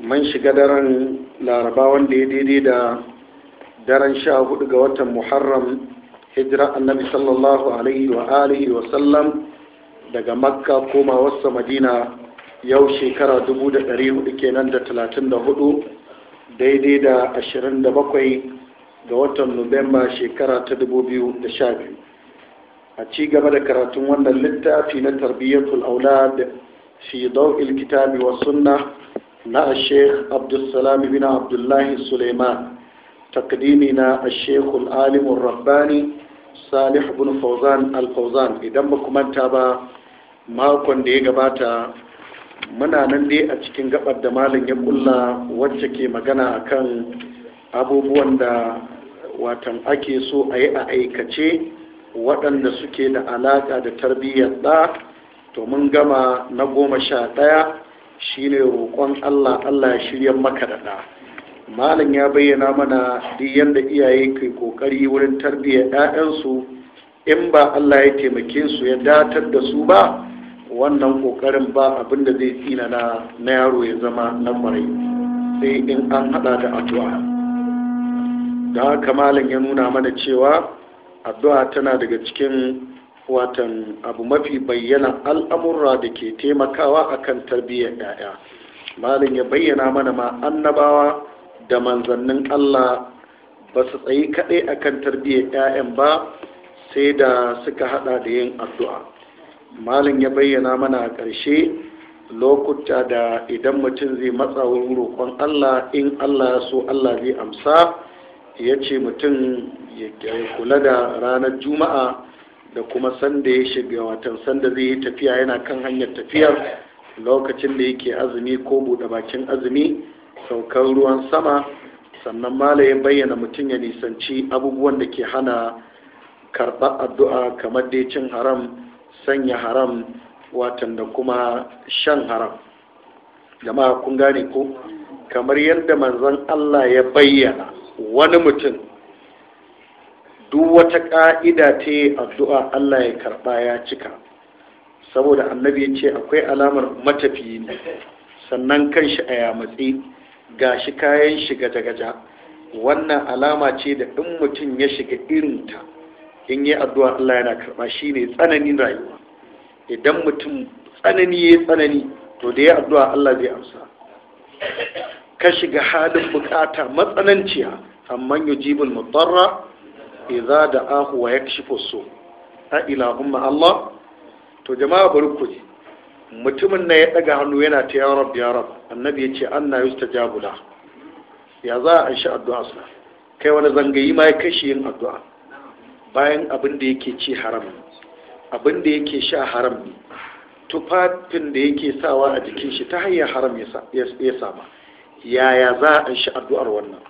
Man shiga daren laraba wanda ya daidai da daren sha hudu ga watan muharram hijira annabi sallallahu alaihi wa alihi wa sallam daga makka koma wasa madina yau shekara 400 kenan da 34 daidai da 27 ga watan nuwamba shekara ta 2012 a ci gaba da karatun wannan littafi na tarbiyyatul aulad fi dau'il kitabi wa sunnah na sheikh abdulsalam bin abdullahi suleiman takdimina a shekul alimun rabbani salih bin fauzan alfauzan idan ba manta ba makon da ya gabata muna nan dai a cikin gabar da malin ya kulla wacce ke magana akan abubuwan da watan ake so a yi a aikace waɗanda suke da alaƙa da tarbiyyar ɗa to mun gama na goma sha ɗaya shine roƙon Allah Allah ya shirya maka da ɗa malam ya bayyana mana duk yadda iyaye ke kokari wurin tarbiyyar ɗa'ansu, in ba Allah ya taimake su ya datar da su ba wannan ƙoƙarin ba abin da zai tsina na na yaro ya zama na marai sai in an haɗa da addu'a da haka malam ya nuna mana cewa addu'a tana daga cikin watan abu mafi bayyana al'amurra da ke taimakawa akan tarbiyyar 'ya'ya malin ya bayyana mana ma annabawa da manzannin allah ba su tsayi kaɗai akan tarbiyyar 'ya'yan ba sai da suka haɗa da yin addu'a malin ya bayyana mana a ƙarshe lokuta da idan mutum zai matsa wurin roƙon allah in allah ya so allah zai amsa ya ce mutum ya kula da ranar juma'a da kuma sanda ya shiga watan sanda zai yi tafiya yana kan hanyar tafiyar lokacin da yake azumi ko buɗe bakin azumi saukar ruwan sama sannan mala ya bayyana mutum ya nisanci abubuwan da ke hana karɓar addu'a kamar dai cin haram sanya haram watan da kuma shan haram jama'a kun gane ko kamar yadda manzon Allah ya bayyana wani mutum duk wata ƙa'ida ta yi addu'a Allah ya karɓa ya cika saboda annabi ya ce akwai alamar matafiyi ne sannan kan shi a yamatsi ga shi kayan shi gaja-gaja wannan alama ce da in mutum ya shiga irin ta, in yi addu'a Allah yana karɓa shi ne tsananin rayuwa idan mutum tsanani ya tsanani to da ya addu'a Allah zai amsa ka shiga halin bukata matsananciya amma yujibul mutarra idza da'ahu wa yakshifu su a ilahumma Allah to jama'a bari ku ji mutumin na ya daga hannu yana ta ya rab ya rab annabi ya ce anna yustajabu ya za a shi addu'a sa kai wani zangayi ma ya kashi yin addu'a bayan abin da yake ci haram abin da yake sha haram tufafin da yake sawa a jikin shi ta hanyar haram ya sama yaya za a shi addu'ar wannan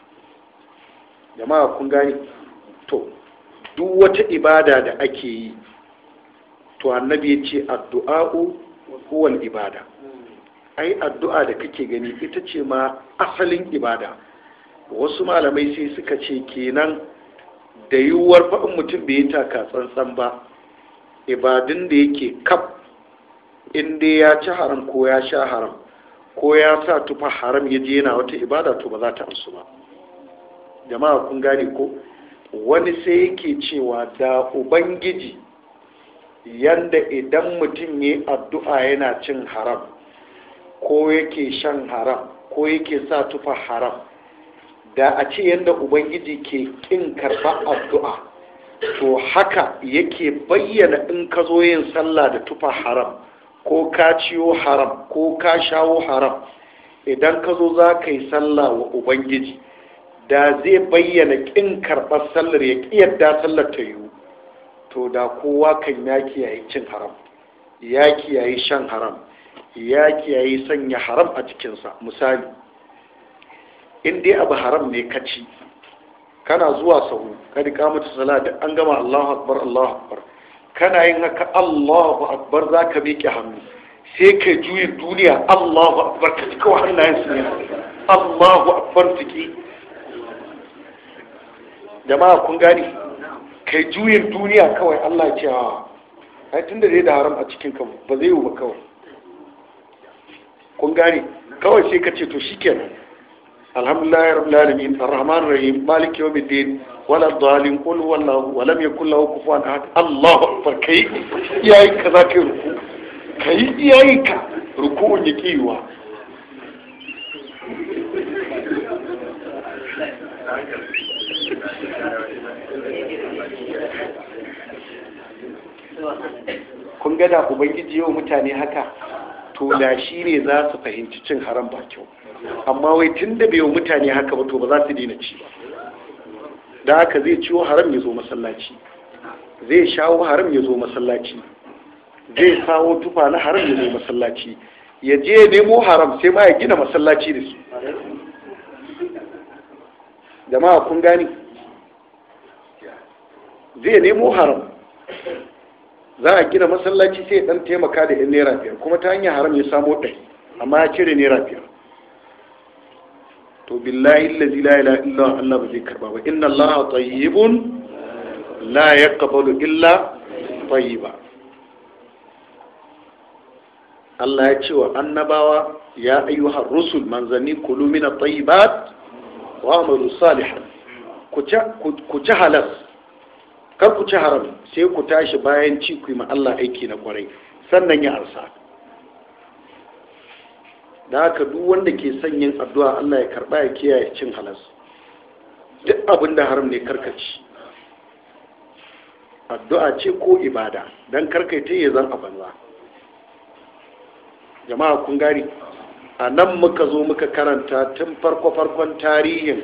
jama'a kun gani to duk wata ibada da ake yi to annabi ya ce addu'a'u huwal ibada ai addu'a da kake gani ita ce ma asalin ibada wasu malamai sai suka ce kenan da yiwuwar fa'in mutum bai yi taka tsantsan ba ibadun da yake kaf in dai ya ci haram ko ya sha haram ko ya sa tufa haram ya je yana wata ibada to ba za ta amsu ba jama'a kun gane ko wani sai yake cewa da ubangiji yanda idan mutum ya addu'a yana cin haram ko yake shan haram ko yake sa tufa haram da a ce yadda ubangiji ke kin karba addu'a to haka yake bayyana in ka zo yin sallah da tufa haram ko ka ciyo haram ko ka shawo haram idan ka zo za ka yi sallah wa ubangiji da zai bayyana ƙin karɓar sallar ya ƙi yadda sallar ta yiwu to da kowa kan ya kiyaye cin haram ya kiyaye shan haram ya kiyaye sanya haram a cikinsa misali in dai abu haram ne ka ci kana zuwa sahu ka riƙa mata sala da an gama allahu akbar allahu akbar kana yin haka allahu akbar za ka miƙe hannu sai ka juyi duniya allahu akbar ka ci kawai hannayen ne allahu akbar ciki jama'a kun gane kai juyin duniya kawai Allah ce a ah, ai tun da zai da haram a cikin ka ba zai yi ba kawai kun gane kawai sai ka ce to shikenan alhamdulillahi rabbil a rahman rahim maliki yawmiddin wala dhalim qul wallahu wa lam yakul lahu kufuwan ahad Allahu akbar kai iyayi ka za ka ruku kai iyayi ka ruku ruku'un kiwa kun gada da ubangiji yau mutane haka to da shi ne za su fahimci cin haram ba kyau amma wai tun da bai mutane haka ba to ba za su daina ci ba da haka zai ciwo haram ya zo masallaci zai shawo haram ya zo masallaci zai sawo tufa na haram ya zo masallaci ya je nemo haram sai ma ya gina masallaci da su jama'a kun gani zai nemo haram za a gina masallaci sai dan taimaka da yan naira biyar kuma ta hanyar haram ya samo ɗari amma ya cire naira biyar to billahi allazi la ilaha illa Allah ba zai karba ba inna Allah tayyibun la yaqbalu illa tayyiba Allah ya ce wa annabawa ya ayyuhar rusul manzanni kulu mina tayyibat wa amalu salihan ku ci halas kar ku ci haram sai ku tashi bayan ci ku yi ma Allah aiki na kwarai sannan ya arsa da haka duk wanda ke son yin addu'a Allah ya karba ya kiyaye cin halas duk abin da haram ne karkaci addu'a ce ko ibada don karkaita ya zan a banza jama'a kun gari a nan muka zo muka karanta tun farko-farkon tarihin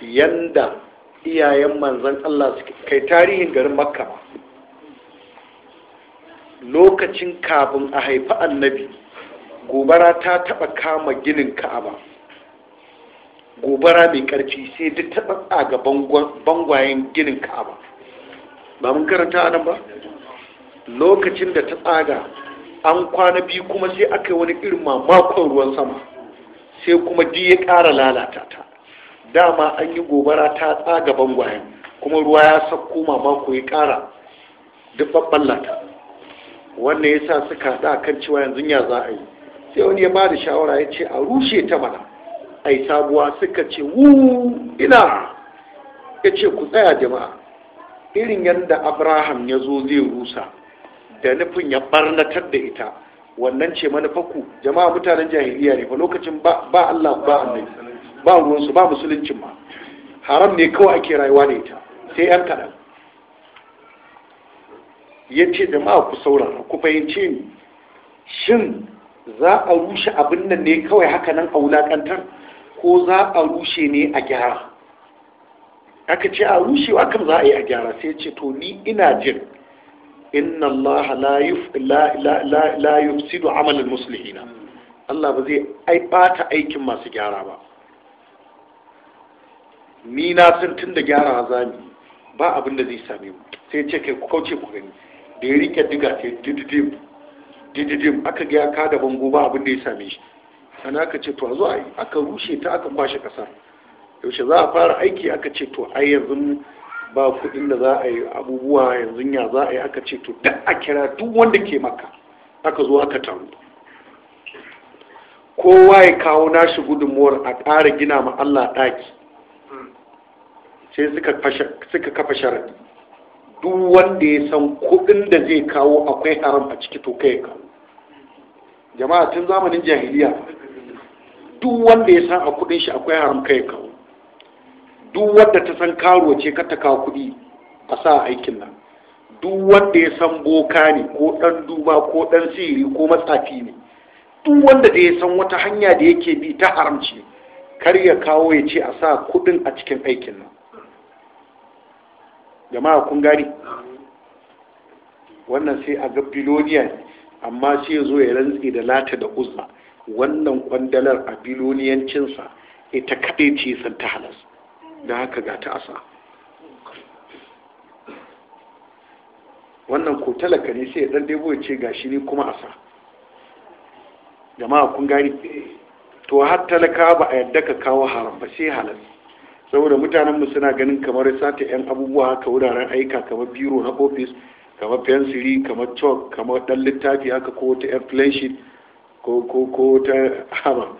yanda iyayen manzan Allah su kai tarihin garin makka lokacin kafin a haifi annabi gobara ta taba kama ginin ka'aba gobara mai karfi sai duk taba a ga bangwayen ginin ka'aba ba mun karanta nan ba lokacin da ta tsaga an kwana biyu kuma sai aka yi wani irin mamakon ruwan sama sai kuma di ya ƙara lalata ta dama an yi gobara ta tsaga bangwayen kuma ruwa ya mama ku ya kara duk babban lata wannan ya sa suka haɗa kan cewa yanzu ya za a yi sai wani ya ba da shawara ya ce a rushe ta mana a yi sabuwa suka ce wu ina ya ce ku tsaya jama'a irin yadda abraham ya zo zai rusa da nufin ya barnatar da ita wannan ce manufaku jama'a mutanen jahiliya ne fa lokacin ba allah ba annabi ba ruwansu ba musuluncin ma haram ne kawai ake rayuwa da ita sai yan kaɗan ya ce jama'a ku saurara ku fahimce ni shin za a rushe abin nan ne kawai haka nan a wulaƙantar ko za a rushe ne a gyara aka ce a rushe wa kan za a yi a gyara sai ce to ni ina jin inna allaha la yufsidu amalin muslihina Allah ba zai ai bata aikin masu gyara ba ni na san tun da gyara zami ba abin da zai same mu sai ce kai ku kauce ku gani da ya rike diga sai dididim dididim aka ga ya da bango ba abin da ya same shi sana aka ce to a zo a yi aka rushe ta aka kwashe ƙasa yaushe za a fara aiki aka ce to ai yanzu ba kuɗin da za a yi abubuwa yanzu ya za a yi aka ce to duk a kira duk wanda ke maka aka zo aka taru kowa ya kawo nashi gudunmuwar a ƙara gina ma Allah ɗaki sai suka kafa sharadi duk wanda ya san kudin da zai kawo akwai haram a ciki to kai kawo jama'a tun zamanin jahiliya duk wanda ya san a kudin shi akwai haram kai kawo duk wanda ta san karo ce ka ta kawo kudi a sa aikin nan duk wanda ya san boka ne ko dan duba ko dan siri ko matsafi ne duk wanda da ya san wata hanya da yake bi ta haramci kar ya kawo ya ce a sa kudin a cikin aikin nan jama'a kun gari wannan sai a ga biloniya amma sai ya zo ya rantsi da lata da uzma wannan kwandalar a biloniyancinsa ita kaɗai ce san ta halas da haka ga ta asa wannan ko talaka ne sai ya ɗan dai ya ce ga shi ne kuma asa jama'a kun gari to har talaka ba a yadda ka kawo haram ba sai halas saboda mutanenmu suna ganin kamar sata 'yan abubuwa haka wuraren aika kamar biro na ofis kamar fensiri kamar chalk kamar dan littafi haka ko ta yan flashit ko ko ta haram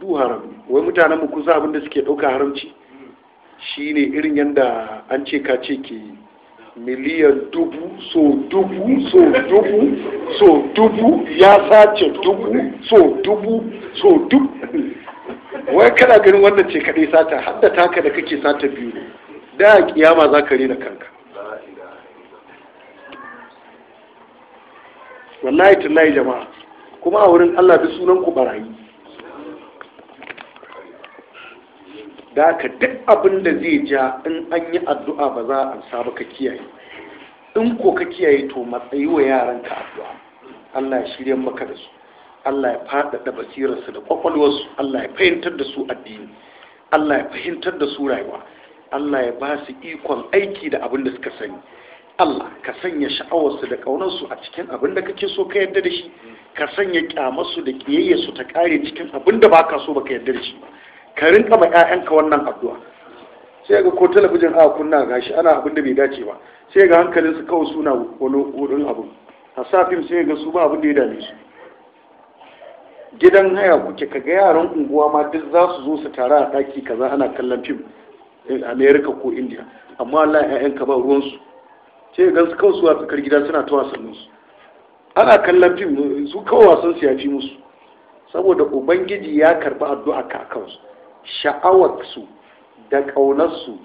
du haram wai mutanen mu kusa abinda suke ɗauka haramci shi ne irin yadda an ce ka ce ke miliyan dubu so dubu so dubu so dubu ya sace dubu so dubu so dubu wai kana ganin wannan ce kaɗai sata hadda taka da kake sata biyu ne da a kiyama za ka rena kanka wallahi tallahi jama'a kuma a wurin Allah da sunan ku barayi da ka duk abin da zai ja in an yi addu'a ba za a sa ka kiyaye in ko ka kiyaye to matsayi wa yaranka addu'a Allah ya shirya maka da su Allah ya faɗaɗa basirarsu da kwakwalwarsu Allah ya fahimtar da su addini Allah ya fahimtar da su rayuwa Allah ya ba su ikon aiki da abin da suka sani Allah ka sanya sha'awarsu da ƙaunarsu a cikin abin da kake so ka yarda da shi ka sanya ƙyamarsu da ƙiyayyarsu ta ƙare cikin abin da baka so baka yarda da shi ka rinka ma ƴaƴanka wannan addu'a sai ga ko talabijin a kunna gashi ana abin da bai dace ba sai ga hankalinsu kawai suna wani wurin abu a safin sai ga su ba abin da ya dame su gidan haya kuke ga yaran unguwa ma duk za su zo su tara a ɗaki kaza ana kallon fim eh, america ko india amma allah ya'yan ka ba ruwansu ce gan su kawai tsakar gida suna ta wasannin su ana kallon fim su kawai wasan su ya fi musu saboda ubangiji ya karba addu'a ka kansu sha'awar su da ƙaunar su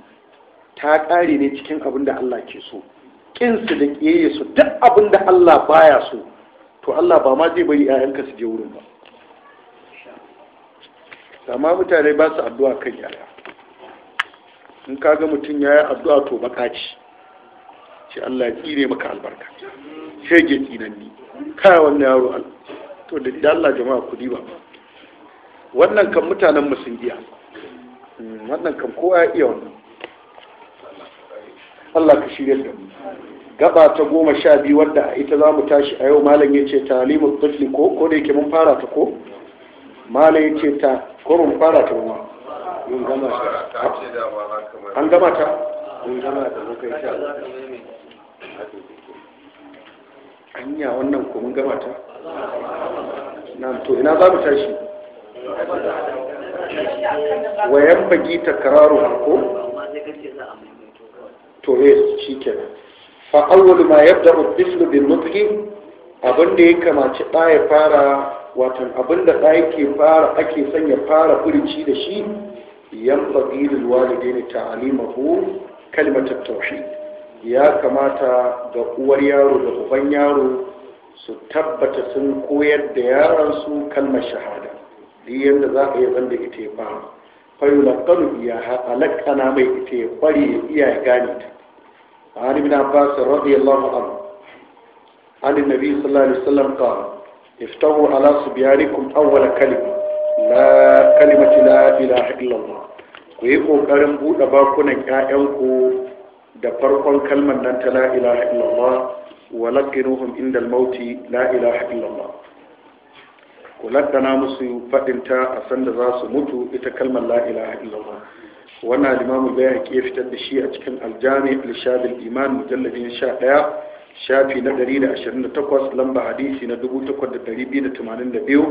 ta ƙare ne cikin abin da allah ke so su da ƙeye su duk abin da allah baya so to allah ba ma zai bari 'ya'yanka su je wurin ba amma mutane ba su addu'a kan yaya in ka ga mutum ya yi addu'a to baka ci ce Allah ya tsire maka albarka Sai shege tsinanni kaya wannan yaro to da Allah jama'a kudi ba wannan kan mutanen mu sun iya hmm, wannan kan kowa ya iya wannan Allah ka shirya da mu gaba ta goma sha biyu wadda ita za mu tashi a yau malam ya ce talimin tufli ko ko da yake mun fara ta ko malai ce ta kurin fara ta ruwa mun gama ta an gama ta yin gama ta muka yi sha anya wannan ko mun gama ta na to ina za mu tashi wayan bagi ta kararo ko to eh shikenan fa awwalu ma yadda al lubin nufi abinda ya kamaci ɗaya fara watan abin da ɗaya ke fara ake sanya fara furici da shi yan fadilul walidai ne ta alimahu kalmatar tauhid ya kamata ga uwar yaro da uban yaro su tabbata sun koyar da yaran su kalmar shahada da yadda za a yi zanda ita ya fara fayulakkanu ya na mai ita ya kware ya iya gane ta a hannun abbas radiyallahu anhu عن Nabi صلى الله عليه iftahu ala subyanikum awwala kalima la kalimati la illallah ku yi kokarin bude bakunan ƴaƴanku da farkon kalmar nan ta la ilaha illallah wa laqinuhum inda mauti la ilaha illallah ku laddana musu fadin ta a sanda za su mutu ita kalmar la ilaha illallah wannan limamu bai ya fitar da shi a cikin aljami al-shabil iman mujallabin 11 shafi na 128 lamba hadisi na 8282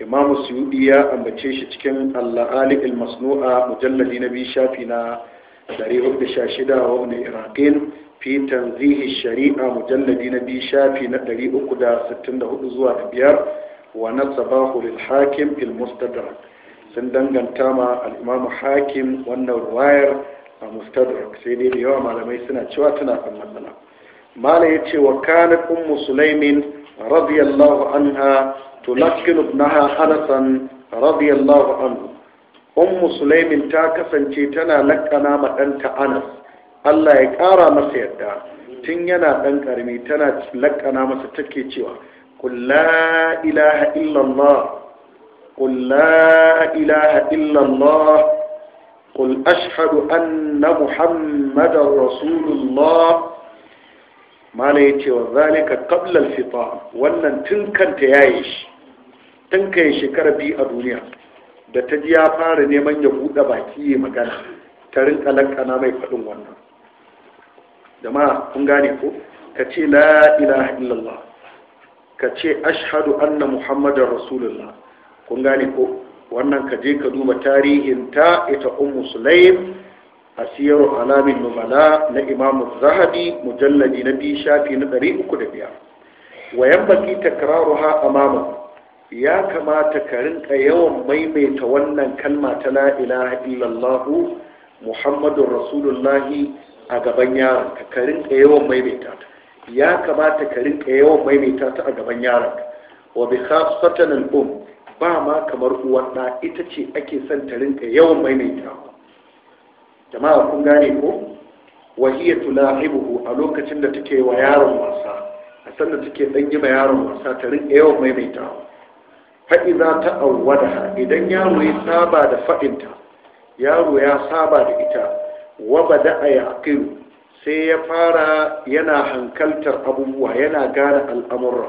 imamu suyudi ya ambace shi cikin al-ali al-masnu'a mujalladi na biyu shafi na 416 wa ibn iraqin fi tanzihi shari'a mujalladi na biyu shafi na 364 zuwa da biyar wa nasabahu lil hakim fil mustadrak sun danganta ma al'imamu hakim wannan wayar a mustadrak sai dai da yawa malamai suna cewa tana kan matsala mala ya ce wa kana ummu sulaimin radiyallahu anha tulakkinu ibnaha anasan radiyallahu anhu ummu sulaimin ta kasance tana lakkana ma ɗanta anas allah ya ƙara masa yadda tun yana ɗan ƙarami tana lakkana masa take cewa قل لا إله إلا الله قل لا إله إلا الله قل أشهد أن محمد رسول الله Malam ya ce wa zalika qabla fita wannan tun kanta yayi shi tun kai shekara biyu a duniya da ta ji ya fara neman ya buɗe baki ya magana ta rinka lankana mai faɗin wannan jama'a kun gane ko ka ce la ilaha illallah ka ce ashhadu anna muhammadar rasulullah kun gane ko wannan ka je ka duba tarihin ta ita ummu sulaim a siyarwa alamin numala na imamu zahabi mujalladi na biyu shafi na ɗari uku da biyar wayan baki takararu ha amamu ya kamata ka rinka yawan maimaita wannan kalma ta la ilaha illallah muhammadun rasulullahi a gaban yaronka ka rinka yawan maimaita ta ya kamata ka rinka yawan maimaita ta a gaban yaronka wa bi khasatan al-um ba ma kamar uwan ita ce ake son ta rinka yawan maimaita jama'a kun gane ko wahiyya tulahibuhu a lokacin da take wa yaron wasa a sanda take ɗan gima yaron wasa ta rin yawan maimaita faɗi za ta awwada idan yaro ya saba da faɗinta yaro ya saba da ita wa bada a yaqilu sai ya fara yana hankaltar abubuwa yana gane al'amurra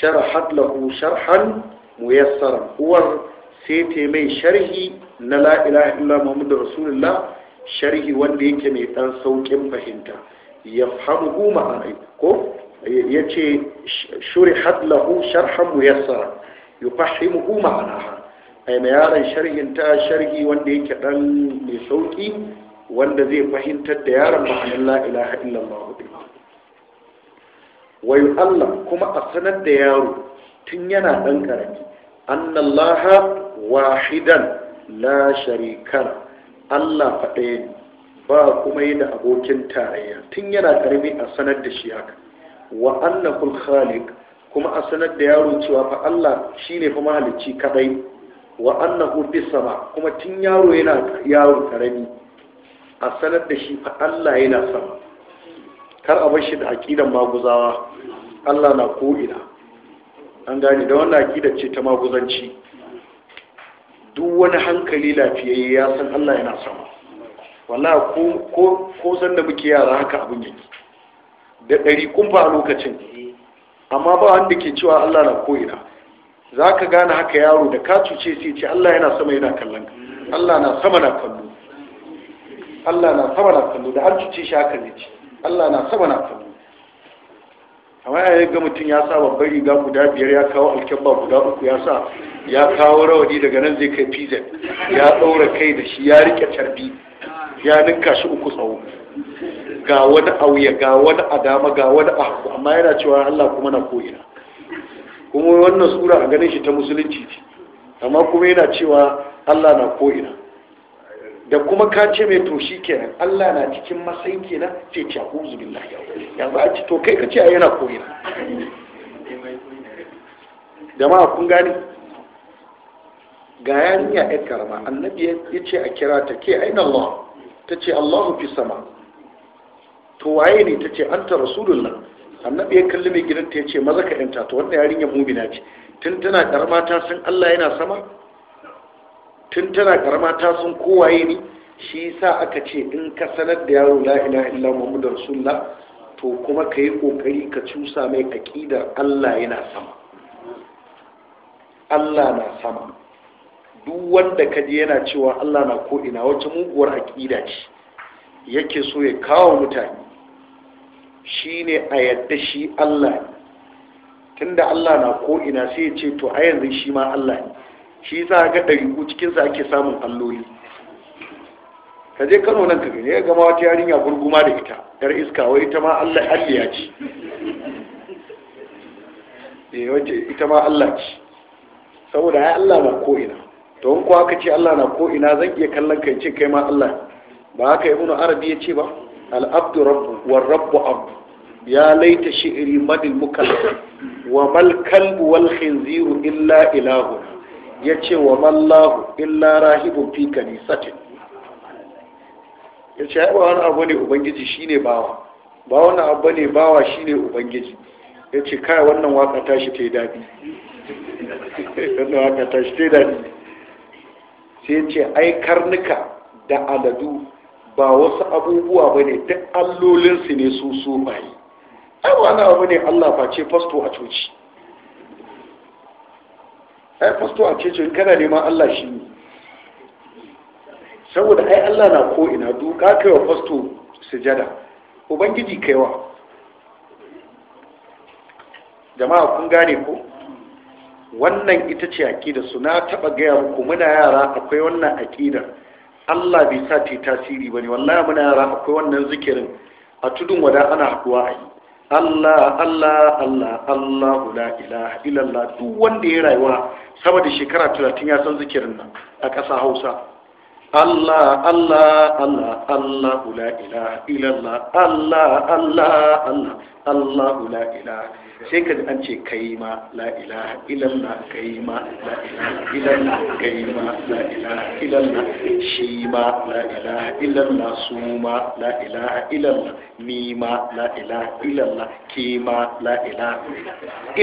sharhat lahu sharhan muyassara uwar sai ta mai sharhi na la ilaha illa muhammadur rasulullah sharhi wanda yake mai ɗan sauƙin fahimta ya fahimu ma'anai ko ya ce shuri hadlahu sharhan muyassara ya fahimu ma'anaha ai mai yaron sharhin ta sharhi wanda yake ɗan mai sauƙi wanda zai fahimtar da yaran ma'anin la'ilaha illallah wayo Allah kuma a sanar da yaro tun yana ɗan karami annallaha wahidan la sharikar Allah faɗa ne ba kuma yi da abokin tarayya tun yana ƙarami a sanar da shi haka wa annakul khaliq kuma a sanar da yaro cewa fa Allah shine fa mahalicci kadai wa annahu bis bisama kuma tun yaro yana yaro ƙarami a sanar da shi fa Allah yana sama kar a bar shi da aqidan maguzawa Allah na ko ina an gani da wannan aqida ce ta maguzanci duk wani hankali lafiyayye ya san Allah yana sama wala ko ko san da muke yara haka abin yake da ɗari kun a lokacin amma ba wanda ke cewa Allah na koyina za ka gane haka yaro da ka cuce sai ce Allah yana sama yana kallon Allah na sama na kallo Allah na sama na kallo da an cuce shi haka zai ce Allah na sama na kallo amma ya ga mutun ya sa babbar riga guda biyar ya kawo alkyabba guda uku ya sa ya kawo rawani daga nan zai kai pizan ya ɗaura kai da shi ya rike tarbi ya ninka shi uku tsawo ga wani auya ga wani adama ga wani ahu amma yana cewa allah kuma na ko'ina kuma wannan sura a ganin shi ta musulunci ce amma kuma yana cewa allah na ko'ina da kuma ka ce mai to shi kenan allah na cikin matsayin kenan ce ce ku uzu billahi yanzu a ce to kai ka ce a yana ko'ina jama'a kun gane ga yarinya ya karama annabi ya ce a kira ta ke aina Allah ta ce Allahu fi sama to waye ne ta ce anta rasulullah annabi ya kalli mai gidan ta ya ce maza ka yanta to wannan yarinya mumina ce tun tana karama ta san Allah yana sama tun tana karama ta san kowaye ne shi yasa aka ce in ka sanar da yaro la ilaha illa muhammadur rasulullah to kuma ka yi kokari ka cusa mai aqidar Allah yana sama Allah na sama duk wanda ka je yana cewa Allah na ko ina wacce muguwar aƙida ce yake so ya kawo mutane shine a yadda shi Allah tunda Allah na ko ina sai ya ce to a yanzu shi ma Allah ne shi sa ga ku cikinsa ake samun alloli ka je kano nan ka gani ya gama wata yarinya gurguma da ita yar iska wai ita ma Allah alliya ce eh, ita ma Allah ce saboda ya Allah ba ko ina to in kuwa aka ce Allah na ko ina zan iya kallon kai ce kai ma Allah ba haka ibn arabi ya ce ba al abdu rabbu war rabbu ya laita shi'ri madil mukallaf wa mal kalbu wal khinziru illa ilahu ya ce wa mallahu illa rahibun fi kanisatin ya ce ba wani abu ne ubangiji shine bawa ba wani abu ne bawa shine ubangiji ya ce kai wannan waka tashi ta yi dadi wannan waka tashi ta yi daɗi sai ce ai karnuka da aladu ba wasu abubuwa ba ne duk allolinsu ne su su bayi ai na abu ne allah face fasto a coci ai fasto a coci kana neman allah shi ne saboda ai allah na ko'ina duka kai wa fasto sujada ubangiji kaiwa jama'a kun gane ko wannan ita ce aƙida su na taɓa gaya muku muna yara akwai wannan aƙidar Allah bai sa ta tasiri ba ne, wallahi muna yara akwai wannan zikirin a tudun wada ana haɗuwa a yi Allah Allah Allah allah la ilaha illallah duk wanda ya rayuwa sama da shekara talatin ya san zikirin nan a ƙasa Hausa Allah Allah Allah Allah la ilaha illallah Allah Allah Allah Allahu la ilaha sai ka an ce kai ma la ilaha illallah kai ma la ilaha illallah kai ma la ilaha shi ma la ilaha illallah su ma la ilaha illallah ni ma la ilaha illallah ki ma la ilaha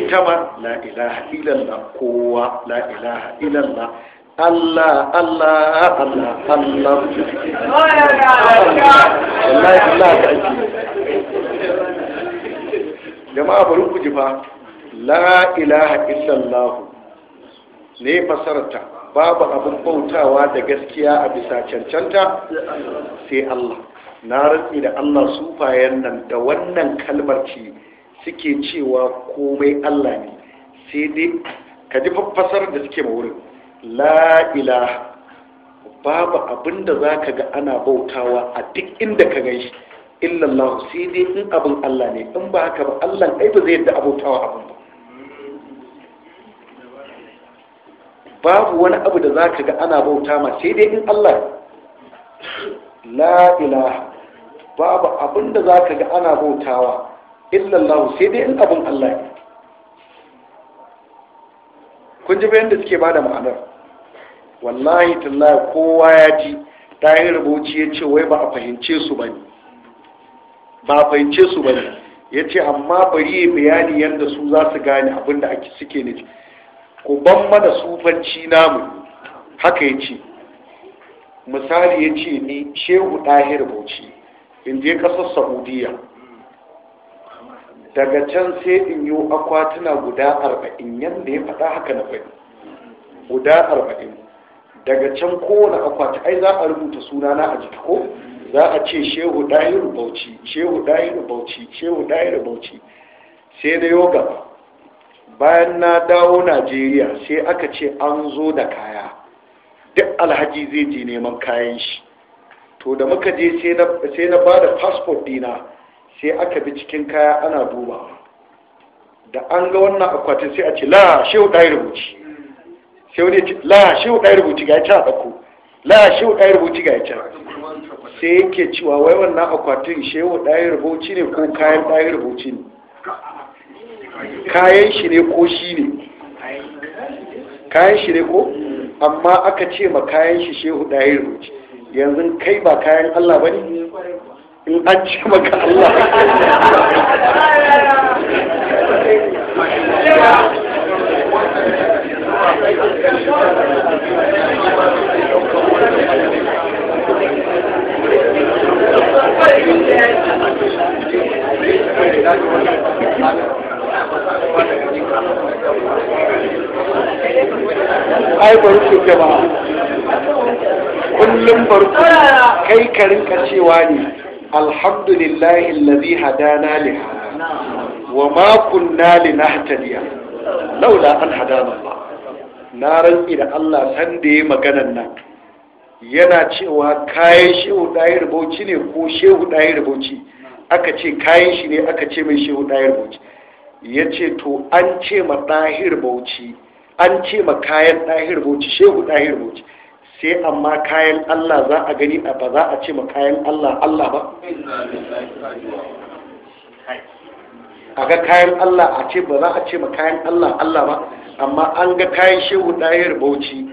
ita ma la ilaha illallah kowa la ilaha illallah Allah Allah Allah Allah Allah Allah Allah jama'a bari ku ji fa la ilaha illallah ne fasarta babu abin bautawa da gaskiya a bisa cancanta sai Allah na rantsi da Allah sufayen nan da wannan kalmar ce suke cewa komai Allah ne sai dai ka ji fasar da suke ma wurin la ilaha babu abin da za ka ga ana bautawa a duk inda ka gan shi Illallahu sai dai in abin Allah ne in ba haka ba Allah ai ba zai yadda abotawa abin ba babu wani abu da za ka ga ana bauta ma sai dai in Allah la ilaha babu abin da za ka ga ana bautawa illallahu sai dai in abin Allah ne kun ji bayan da suke ba da ma'anar wallahi tallahi kowa ya ji ta yi rubuci ya ce wai ba a fahimce su ba ne ba fahimce su ba ne ya ce amma bari ya bayani yadda su za su gane abinda ake suke ne ku ban mana sufanci namu haka ya ce misali ya ce ni shehu ɗahir bauchi in je ƙasar saudiya daga can sai in yi akwatuna guda arba'in yadda ya faɗa haka na faɗi guda arba'in daga can kowane akwati ai za a rubuta sunana a jiki ko za a ce shehu ɗahiru bauchi shehu ɗahiru bauchi shehu ɗahiru bauchi sai na yau gaba bayan na dawo najeriya sai aka ce an zo da kaya duk alhaji zai je neman kayan shi to da muka je sai na ba da fasfot dina sai aka bi cikin kaya ana dubawa da an ga wannan akwatin sai a ce la shehu ɗaya rubuci sai wani ce la shehu ɗaya rubuci ga ya ci a ɗako la shehu ɗaya rubuci ga ya ci a ɗako sai yake cewa wai wannan akwatin shehu ɗaya rubuci ne ko kayan ɗaya rubuci ne kayan shi ne ko shi ne kayan shi ne ko amma aka ce ma kayan shi shehu ɗaya rubuci yanzu kai ba kayan Allah ba ne in an ce maka Allah ai bari su gaba kullum bari kai karin cewa ne alhamdulillahi alladhi hadana li wa ma kunna linahtadiya laula an hadana Allah na rantsi da Allah san da yayi maganar nan yana cewa kayan shehu ɗayar bauchi ne ko shehu ɗayar bauchi aka ce kayan shi ne aka ce mai shehu ɗayar bauchi ya ce to an ce ma ɗahir bauchi an ce ma kayan ɗahir bauchi shehu ɗahir bauchi sai amma kayan allah za a gani a ba za a ce ma kayan allah allah ba a ga kayan allah a ce ba za a ce ma kayan allah allah ba amma an ga kayan shehu ɗahir bauchi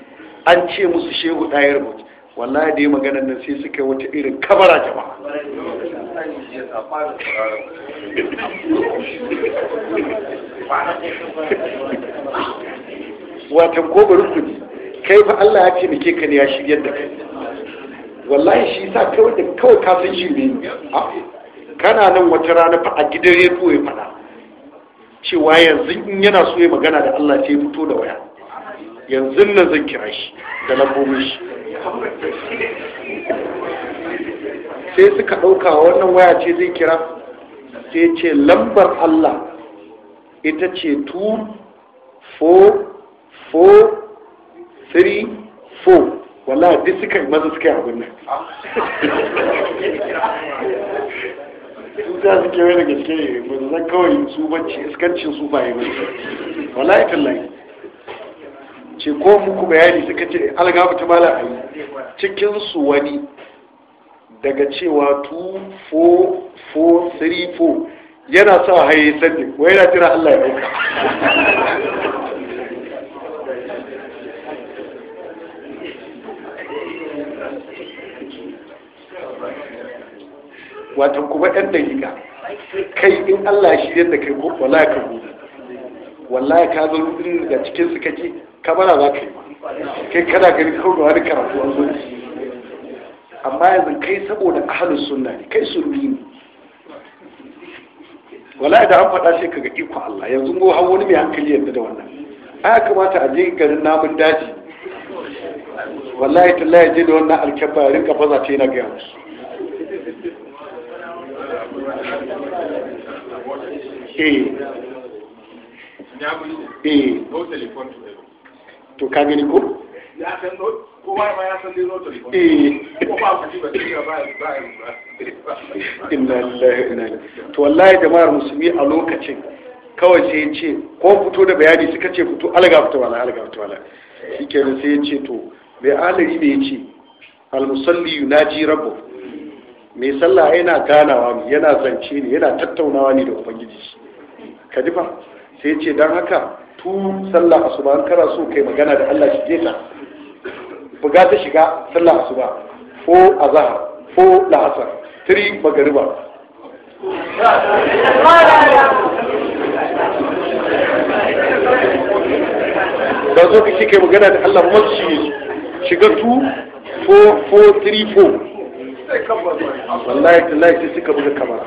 an ce musu shehu ɗahir bauchi wallahi da maganar nan sai suka wata irin kabara jama'a watan ko bari ku kai fa Allah ya ce taimake ka kan ya shiryar da kai wallahi shi sa kawai da kawai ka san shi ne ah, kana nan wata rana fa a gidan rediyo ya fada cewa yanzu in yana so ya magana da Allah sai fito da waya yanzu nan zan kira shi da lambobin shi sai suka ɗauka wannan waya ce zai kira sai ce lambar Allah ita ce 2 4 4 3 4 wala duk suka yi maza suka yi abin nan za su kewaye da gaske ne ba zan kawai su bacci iskancin su ba yi ba wala ya layi ce ko muku bayani suka ce algaba ta mala a yi cikinsu wani daga cewa 24434 yana sa haye sandi ko yana jira Allah ya dauka wato kuma ɗan dalika kai in Allah shi yadda kai ko wallahi ka gudu wallahi ka zo da cikin suka ke? kamara za ka yi kai kana gani da wani karatu an zo amma yanzu kai saboda ahalin sunna ne kai sururi ne wala da an faɗa sai kaga iko Allah yanzu ngo har wani mai hankali yadda da wannan ya kamata a je garin namun daji wallahi tallahi je da wannan alkabba ya rinka faza ta yana ga musu eh eh to ka gani ko ya san kowa ma ya san dai eh. ko ba ba ba ba to wallahi jama'ar musulmi a lokacin kawai sai ya ce ko fito da bayani suka ce fito alga fito wala alga fito wala shikenan sai ya ce to bai alari ne ya ce almusalli yunaji rabbu mai sallah yana ganawa ne yana zance ne yana tattaunawa ne da ubangiji ka ji ba sai ce don haka tu sallah asuba an kana so kai magana da Allah shi jeta buga ta shiga sallah asuba fo azhar fo la'asar tiri magariba da zo kake kai magana da Allah shi shiga tu fo fo tiri fo wallahi tallahi sai ka buga kamara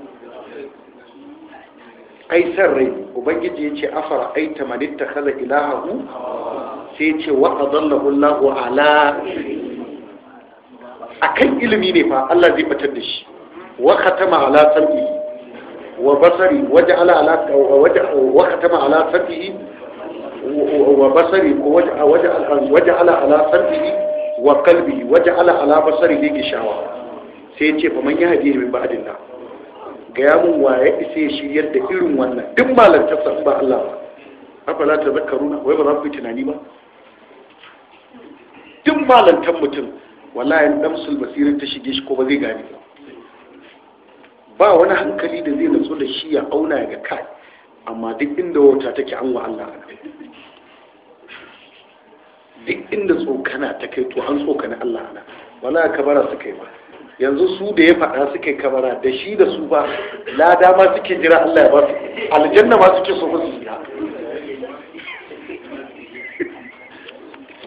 ai san rai ubangiji yace afara ai aita man ittakhadha ilahahu sai yace wa adallahu Allahu ala akan ilimi ne fa Allah zai fitar da shi wa khatama ala sam'i wa basari waja'ala ala wa khatama ala sam'i wa basari ko waja'ala ala sam'i wa qalbi waja'ala ala basari gishawa sai yace fa man yahdi min ba'dillah ga yamun waye isa shiryar da irin wannan duk malantar sa ba Allah ba afala ta zakaruna wai ba za ku yi tunani ba duk malantar mutum wallahi damsul basirin ta shige shi ko ba zai gane ba ba wani hankali da zai natsu da shi ya auna ya ga kai amma duk inda wata take an wa Allah duk inda tsokana ta kai to an tsokana Allah ana wala ka su kai ba yanzu su da ya faɗa suke kamara da shi da su ba lada ma suke jira Allah ya ba su aljanna ma suke so musu jira.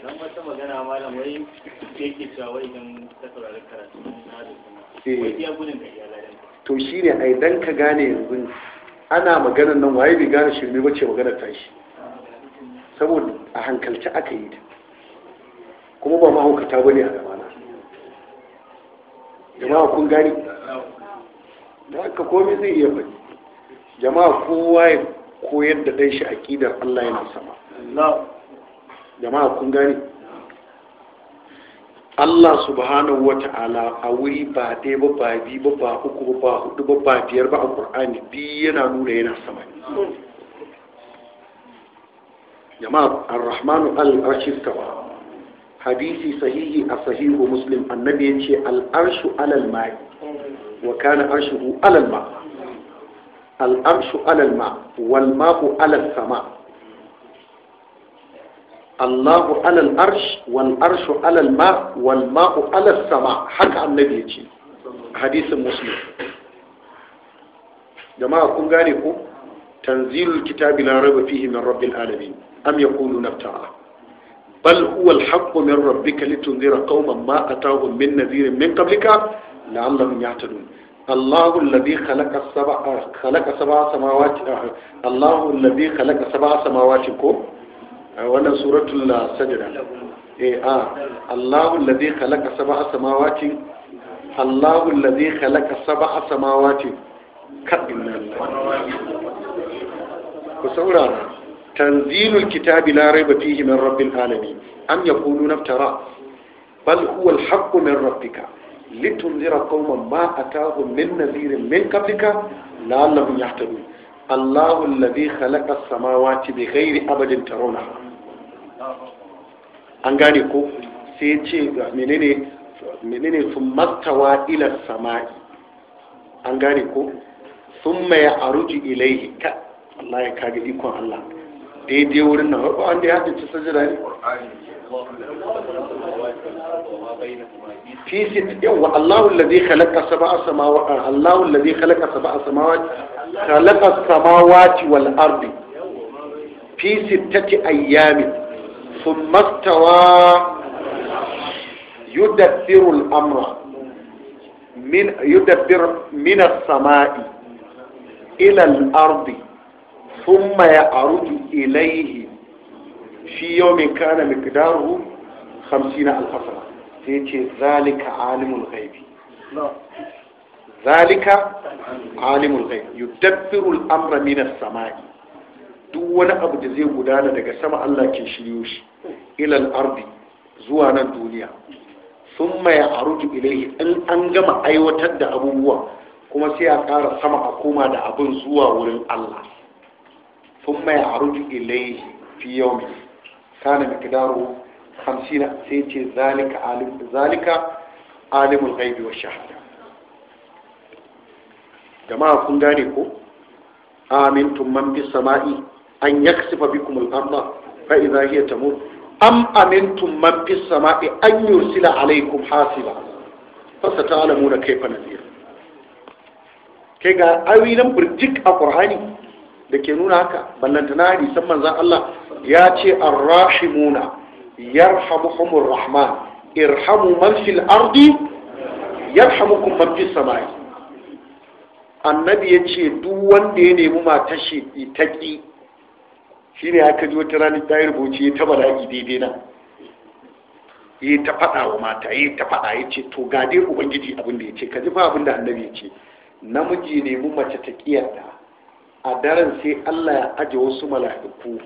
To wata magana malam wai yake cewa idan ka saurari karatu na da kuma eh. wai iya gudun da iyalan to shine ka gane yanzu ana maganar nan waye bai gane shirme ba ce maganar tashi saboda a hankalci aka yi ta kuma ba mahaukata bane a gaba jama'a kun gani da haka komai zai iya bari jama'a kowa ya koyar da dan shi aƙidar Allah yana sama jama'a kun gani Allah subhanahu wa ta'ala a wuri ba ɗaya ba ba bi ba ba uku ba ba hudu ba ba biyar ba a Qur'ani biyu yana nuna yana sama jama'a arrahmanu al rahim kawai hadisi sahihi a sahihu muslim annabi ya ce al'arshu alal ma'i wa kana al'arshu alal ma wal ma'u Allahu alal arsh wal arshu alal ma wal ma'u haka annabi ya ce hadisin muslim jama'a kun gane ko tanzilul kitabi la raiba fihi min rabbil alamin am yaquluna bal huwa alhaqqu min rabbika litunzira qauman ma atahum min nadhirin min qablika la'allahum yahtadun الله الذي خلق السبع خلق سبع سماوات الله الذي خلق سبع سماوات كو وانا سورة السجدة إيه آه الله الذي خلق سبع سماوات الله الذي خلق سبع سماوات كأن الله ku saurara tanzilul kitabi Larai raiba fihi min rabbil alamin am yaquluna iftara bal huwa al-haqqu min rabbika litunzira qauman ma atahum min nadhirin min qablika la'allahum yahtadun Allahu alladhi khalaqa as-samawati bighairi an gane ko sai ce menene menene sun mastawa ila sama'i an gane ko sun maya aruji ilaihi ka Allah ya kage ikon Allah daidai wurin na ba wanda ya haddace sajada ne fi sit yawa Allahu allazi khalaqa sab'a samawati Allahu allazi khalaqa sab'a samawati khalaqa samawati wal ardi fi sittati ayyamin thumma istawa yudabbiru al-amra min yudabbiru min as-sama'i ila al-ardi thumma ya arudu ilaihi fi yawmin kana miqdaruhu 50 alfasana sai ce zalika alimul ghaibi zalika alimul ghaibi yudabbiru al-amra min as-sama'i duk wani abu da zai gudana daga sama Allah ke shiryo shi ardi zuwa nan duniya thumma ya arudu ilaihi in an gama aiwatar da abubuwa kuma sai a ƙara sama a koma da abin zuwa wurin Allah ثم يعرج إليه في يوم كان مقداره خمسين سيتي ذلك عالم ذلك عالم الغيب والشهادة جماعة كن آمن ثم من في السماء أن يكسف بكم الأرض فإذا هي تمر أم أمنتم من في السماء أن يرسل عليكم حاسبا فستعلمون كيف نذير كيف أوينا برجك القرآن da ke nuna haka ballantana hadisan manzan Allah ya ce arrahimuna yarhamuhumur rahman irhamu man fil ardi yarhamukum man fis samai annabi ya ce duk wanda ya nemi matar shi itaki shine aka ji wata rani ta yi taba da bala'i daidai na yi ta faɗa wa mata yi ta faɗa ya ce to ga dai ubangiji abin da ya ce ka ji fa abin da annabi ya ce namiji nemi mace ta kiyarta a daren sai Allah ya aje wasu mala'iku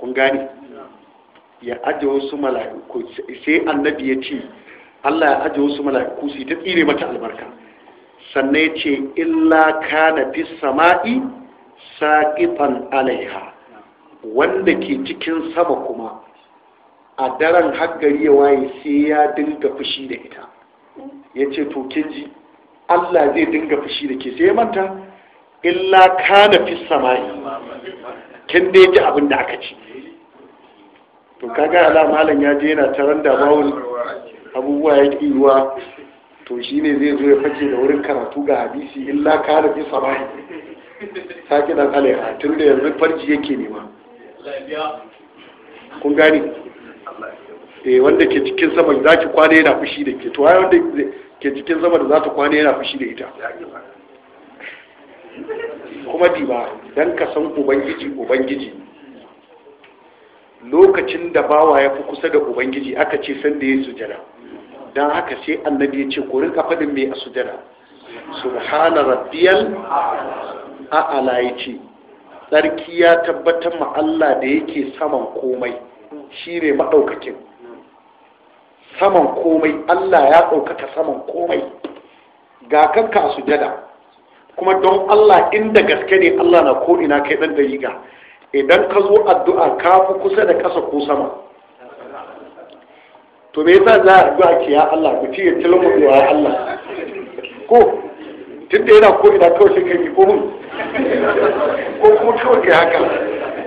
kun gani ya aje wasu mala'iku sai annabi ya ce Allah ya aje wasu mala'iku su ta tsire mata albarka sannan ya ce illa kana fi sama'i saqitan alaiha wanda ke cikin sama kuma a daren haggari ya waye sai ya dinga fushi da ita ya ce to kin ji Allah zai dinga fushi da ke sai ya manta illa kana fi samai kin dai ji abin da aka ci to kaga ala malam ya je yana taron da bawul abubuwa ya kiwa ruwa to shine zai zo ya fake da wurin karatu ga hadisi illa kana fi samai sake dan alaiha tun da yanzu farji yake nema kun gani eh wanda ke cikin sama zaki kwana yana fushi da ke to ai wanda ke cikin sama da za ta kwana yana fushi da ita kuma diba don ka san ubangiji ubangiji lokacin da bawa ya fi kusa da ubangiji aka ce sanda ya sujada don haka sai annabi ya ce kurin fadin mai a sujada subhana rabbiyal a'ala ya ce tsarki ya tabbatar ma Allah da yake saman komai shi ne maɗaukakin saman komai Allah ya ɗaukaka saman komai ga kanka a sujada kuma don Allah inda gaske ne Allah na ko ina kai dan dariga idan ka zo addu'a ka fi kusa da ƙasa ko sama to me yasa za a addu'a ki ya Allah ku ci ya tilmu ya Allah ko tun da yana ko ina kawai sai kai ko mun ko kuma kawai kai haka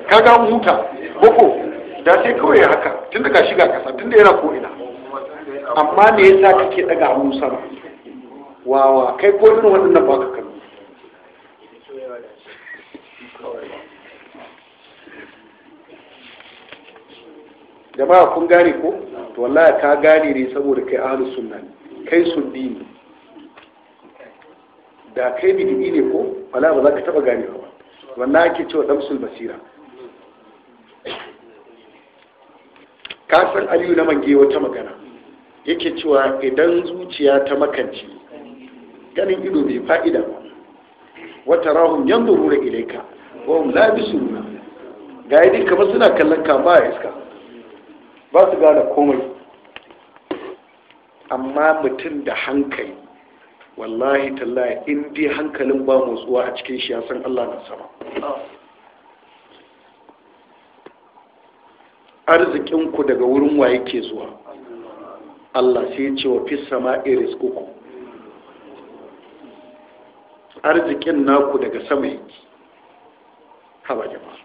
ka ga huta ko da sai kawai haka tun da ka shiga ƙasa da yana ko ina amma me yasa kake daga hannu sama wawa kai ko irin wannan ba ka kallo jama'a kun gane ko to wallahi ka gane ne saboda kai ahlus sunna ne kai sunni ne da kai bid'i ne ko wala ba za ka taba gane ba wallahi ake cewa damsul basira ka san aliyu na mange wata magana yake cewa idan zuciya ta makanci ganin ido bai fa'ida ba wata rahun yanzu rura ilaika wa hum la bisuruna ga yadda kamar suna kallon ka ba iska ba su gane komai amma mutum da hankali wallahi tallahi in dai hankalin ba motsuwa a cikin shi ya san Allah na sama arzikinku daga wurin wa yake zuwa Allah sai ya ce wa fi sama iris uku arzikin naku daga sama yake haba jama'a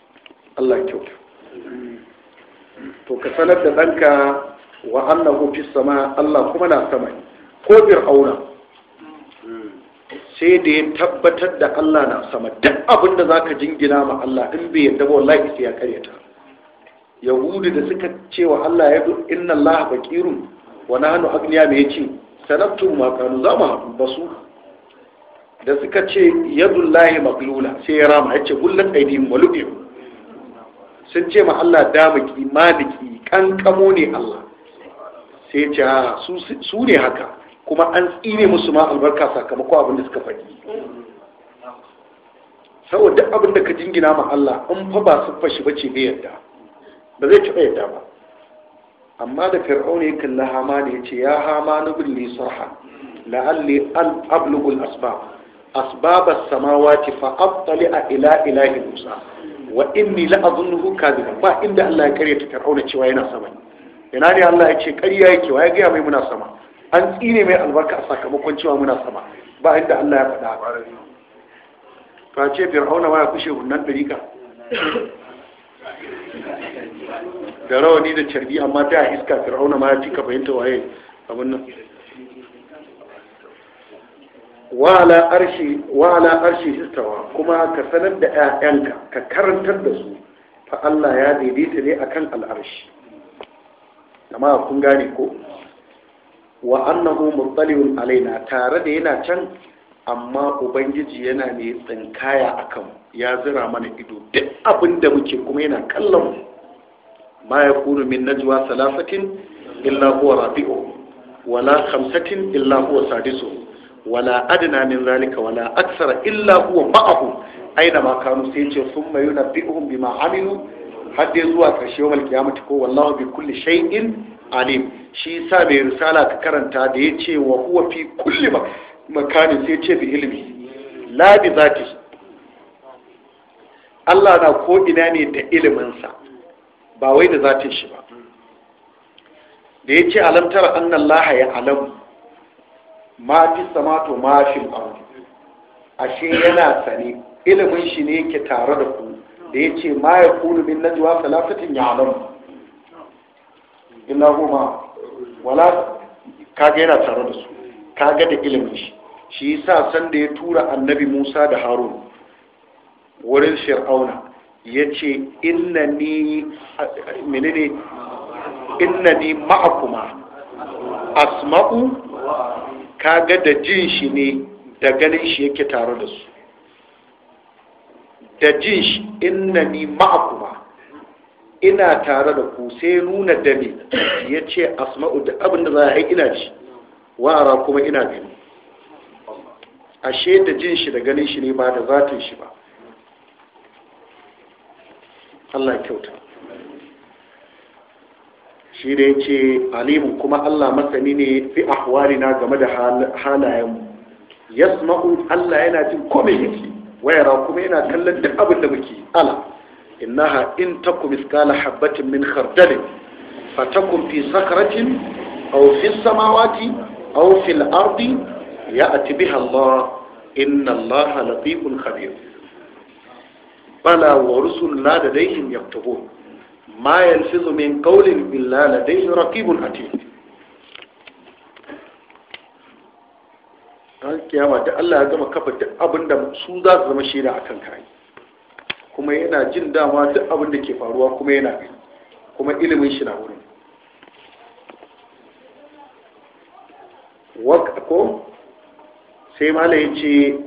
Allah kyauta to ka sanar da ɗanka wa annahu fi sama Allah kuma na sama ko fir'auna sai da ya tabbatar da Allah na sama duk abin da zaka jingina ma Allah in bai yarda ba wallahi sai ya karyata yahudu da suka ce wa Allah ya inna Allah bakirun, wa nahnu agniya me yace sanattu ma kanu za mu haɗu ba su da suka ce yadullahi maglula sai ya rama yace gullan aidihim wa sun ce ma Allah damiki maliki kankamo ne Allah sai ce ah, su ne haka kuma an tsine musu ma albarka sakamako abin da suka faɗi saboda abin da ka jingina ma Allah in fa ba su fashi ba ce bai yadda ba zai taɓa yadda ba amma da fir'auna ya kalla hama ne ya ce ya hama na bulli sarha la'alli ablugul asbab samawa samawati fa a ila ilahi musa wa inni la azunnuhu kadiban ba inda Allah ya ta Fir'auna cewa yana sama yana ne Allah ya ce karya yake wa ya gaya mai muna sama an tsine mai albarka a sakamakon cewa muna sama ba inda Allah ya faɗa ba ce Fir'auna ma ya kushe hunnan dariƙa da rawani da carbi amma da iska Fir'auna ma ya ka fahimta waye abin nan wala arshi wala arshi istawa kuma ka sanar da 'ya'yanka ka karantar da su fa Allah ya daidaita ne akan al'arshi amma kun gane ko wa annahu muttaliyun alaina tare da yana can amma ubangiji yana ne tsinkaya akan ya zira mana ido duk abin da muke kuma yana kallon ma ya kunu min najwa salasatin illa huwa rabi'u wala khamsatin illa huwa sadisu wala adna min zalika wala aksara illa huwa ma'ahu aina ma kanu sai ce summa yunabbi'uhum bima amilu har zuwa karshe wal kiyamati ko wallahu bi kulli shay'in alim shi sa mai risala ka karanta da ya ce wa huwa fi kulli makani sai ce bi ilmi la bi zati Allah na ko ina ne da iliminsa ba wai da zatin shi ba da ya ce alamtar annan laha ya alamu ma fi sama to ma fi ashe yana sane ilimin shi ne yake tare da ku da ya ce ma ya kunu min na najwa salafatin ya alamu ina goma wala kaga yana tare da su kaga da ilimin shi shi yasa san da ya tura annabi Musa da Harun wurin Fir'auna yace innani menene innani ma'akuma asma'u kaga da jin shi ne da ganin shi yake tare da su da jin shi inna ni ma'akuma ina tare da ku sai nuna da me ya ce asma'u da abin da za a ina ci wa'ara kuma ina gani ashe da jin shi da ganin shi ne ba da zatin shi ba Allah kyauta shi da ya ce alimun kuma Allah masani ne fi ahwalina game da halayenmu yasma'u Allah yana jin komai yake wayara kuma yana kallon duk abin da muke ala innaha in taku miskala habbatin min khardal fatakun fi sakratin aw fi samawati aw fil ardi ya'ti biha Allah inna Allah latifun khabir bala wa rusulna ladaihim yaktubun ما يلفظ من قول إلا لديه رقيب atid ran kiyama da Allah ya gama kafa duk abin da su za su zama shaida kan kayi kuma yana jin dama duk abin da ke faruwa kuma yana gani kuma ilimin shi na wurin ko sai malai ce